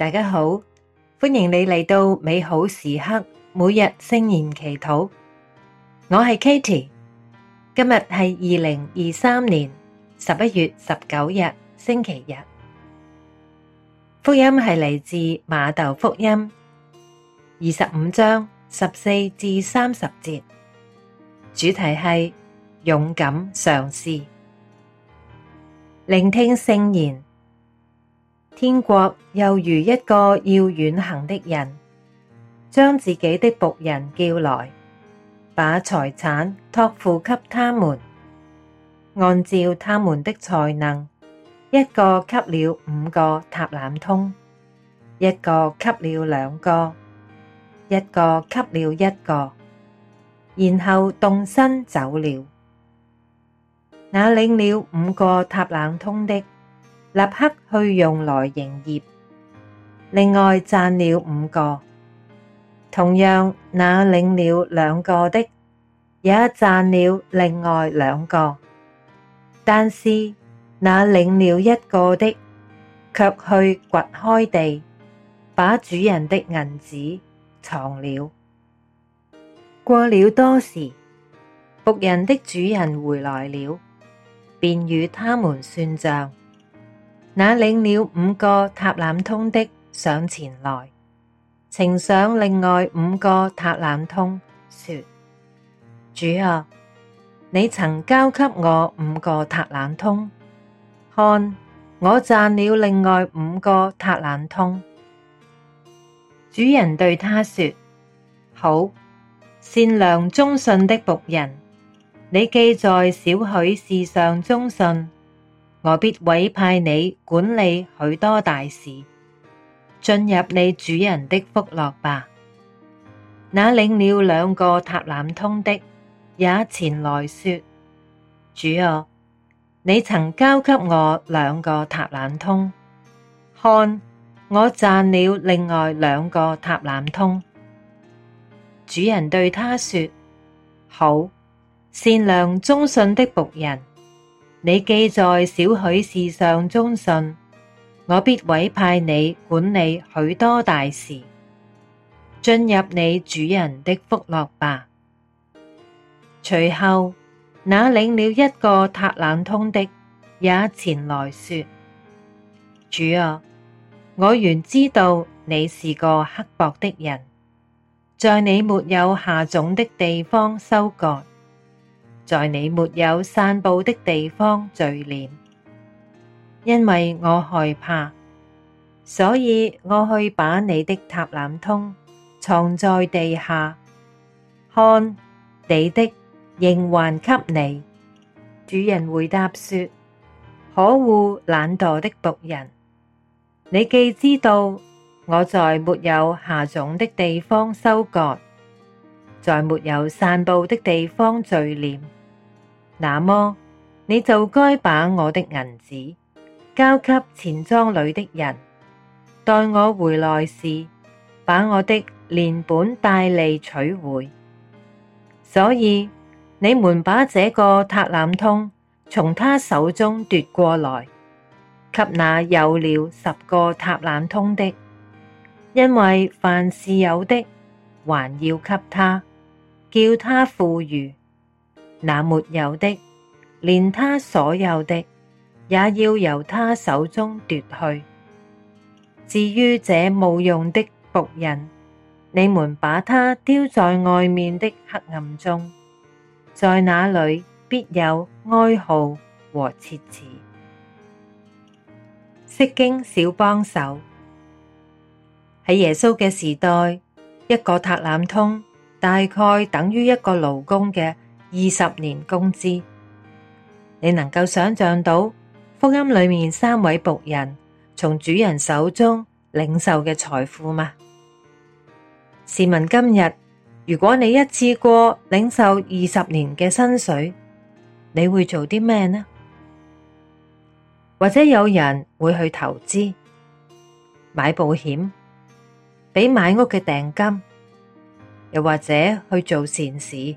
大家好，歡迎你嚟到美好時刻每日聖言祈禱。我係 Katie，今日係二零二三年十一月十九日星期日。福音係嚟自馬竇福音二十五章十四至三十節，主題係勇敢嘗試。聆聽聖言。天國又如一個要遠行的人，將自己的僕人叫來，把財產託付給他們，按照他們的才能，一個給了五個塔冷通，一個給了兩個，一個給了一個，然後動身走了。那領了五個塔冷通的。立刻去用來營業。另外賺了五個，同樣那領了兩個的也賺了另外兩個，但是那領了一個的卻去掘開地，把主人的銀子藏了。過了多時，僕人的主人回來了，便與他們算賬。那領了五個塔冷通的上前來，呈上另外五個塔冷通，說：主啊，你曾交給我五個塔冷通，看，我賺了另外五個塔冷通。主人對他說：好，善良忠信的僕人，你既在少許事上忠信。我必委派你管理許多大事，進入你主人的福樂吧。那領了兩個塔冷通的，也前來說：主啊，你曾交給我兩個塔冷通，看我賺了另外兩個塔冷通。主人對他說：好，善良忠信的僕人。你既在少許事上忠信，我必委派你管理許多大事。進入你主人的福樂吧。隨後，那領了一個塔冷通的也前來說：主啊，我原知道你是個刻薄的人，在你沒有下種的地方收割。在你沒有散布的地方聚斂，因為我害怕，所以我去把你的塔冷通藏在地下，看你的仍還給你。主人回答說：可惡懶惰的僕人，你既知道我在沒有下種的地方收割，在沒有散布的地方聚斂。那麼，你就該把我的銀子，交給錢莊裏的人，待我回來時，把我的連本帶利取回。所以，你們把這個塔冷通從他手中奪過來，給那有了十個塔冷通的，因為凡是有的，還要給他，叫他富裕。那沒有的，連他所有的，也要由他手中奪去。至於這無用的僕人，你們把他丟在外面的黑暗中，在那裏必有哀號和切齒。釋經小幫手，喺耶穌嘅時代，一個塔冷通大概等於一個勞工嘅。二十年工資，你能夠想象到福音裏面三位僕人從主人手中領受嘅財富嗎？試問今日，如果你一次過領受二十年嘅薪水，你會做啲咩呢？或者有人會去投資、買保險、俾買屋嘅訂金，又或者去做善事。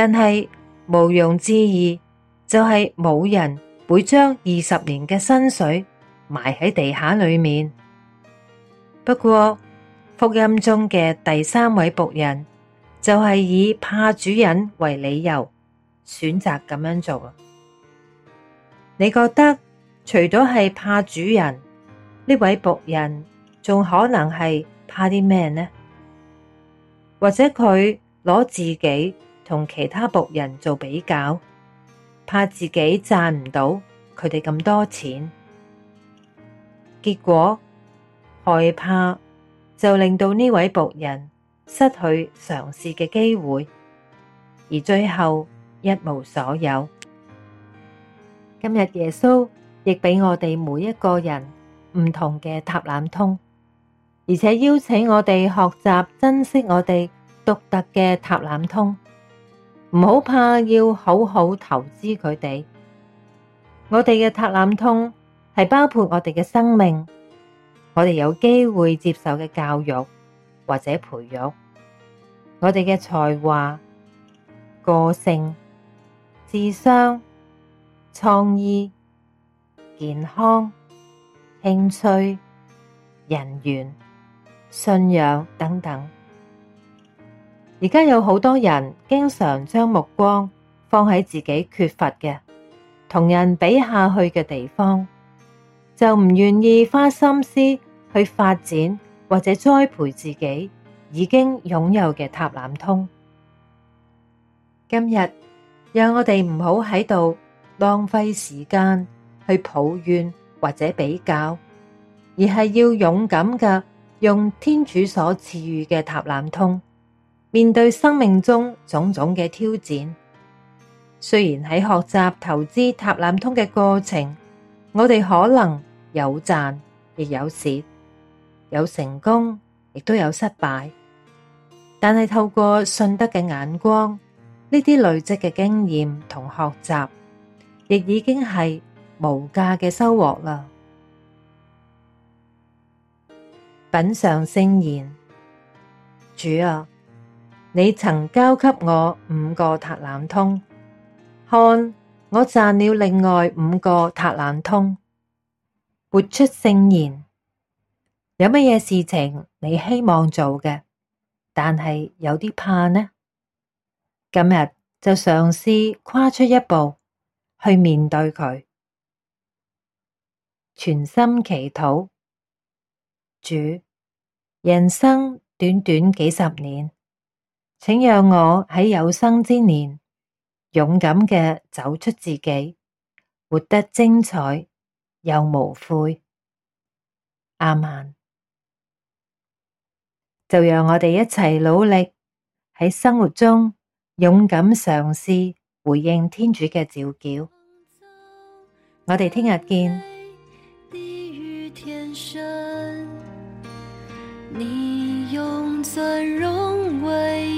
但係毋庸置疑，就係冇人會將二十年嘅薪水埋喺地下裏面。不過，福音中嘅第三位僕人就係以怕主人為理由選擇咁樣做。你覺得除咗係怕主人，呢位僕人仲可能係怕啲咩呢？或者佢攞自己？同其他僕人做比較，怕自己賺唔到佢哋咁多錢，結果害怕就令到呢位僕人失去嘗試嘅機會，而最後一無所有。今日耶穌亦俾我哋每一個人唔同嘅塔冷通，而且邀請我哋學習珍惜我哋獨特嘅塔冷通。唔好怕，要好好投資佢哋。我哋嘅塔冷通係包括我哋嘅生命，我哋有機會接受嘅教育或者培育，我哋嘅才華、個性、智商、創意、健康、興趣、人緣、信仰等等。而家有好多人經常將目光放喺自己缺乏嘅，同人比下去嘅地方，就唔願意花心思去發展或者栽培自己已經擁有嘅塔冷通。今日讓我哋唔好喺度浪費時間去抱怨或者比較，而係要勇敢嘅用天主所賜予嘅塔冷通。面對生命中種種嘅挑戰，雖然喺學習投資塔冷通嘅過程，我哋可能有賺亦有蝕，有成功亦都有失敗，但係透過信德嘅眼光，呢啲累積嘅經驗同學習，亦已經係無價嘅收穫啦！品嚐聖言，主啊！你曾交給我五個塔冷通，看我賺了另外五個塔冷通，活出聖言。有乜嘢事情你希望做嘅，但係有啲怕呢？今日就嘗試跨出一步去面對佢，全心祈禱。主，人生短短幾十年。請讓我喺有生之年勇敢嘅走出自己，活得精彩又無悔。阿曼，就讓我哋一齊努力，喺生活中勇敢嘗試，回應天主嘅召叫。我哋聽日見。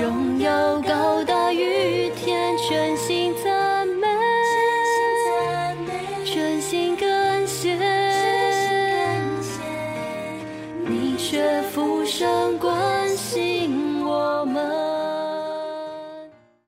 擁有。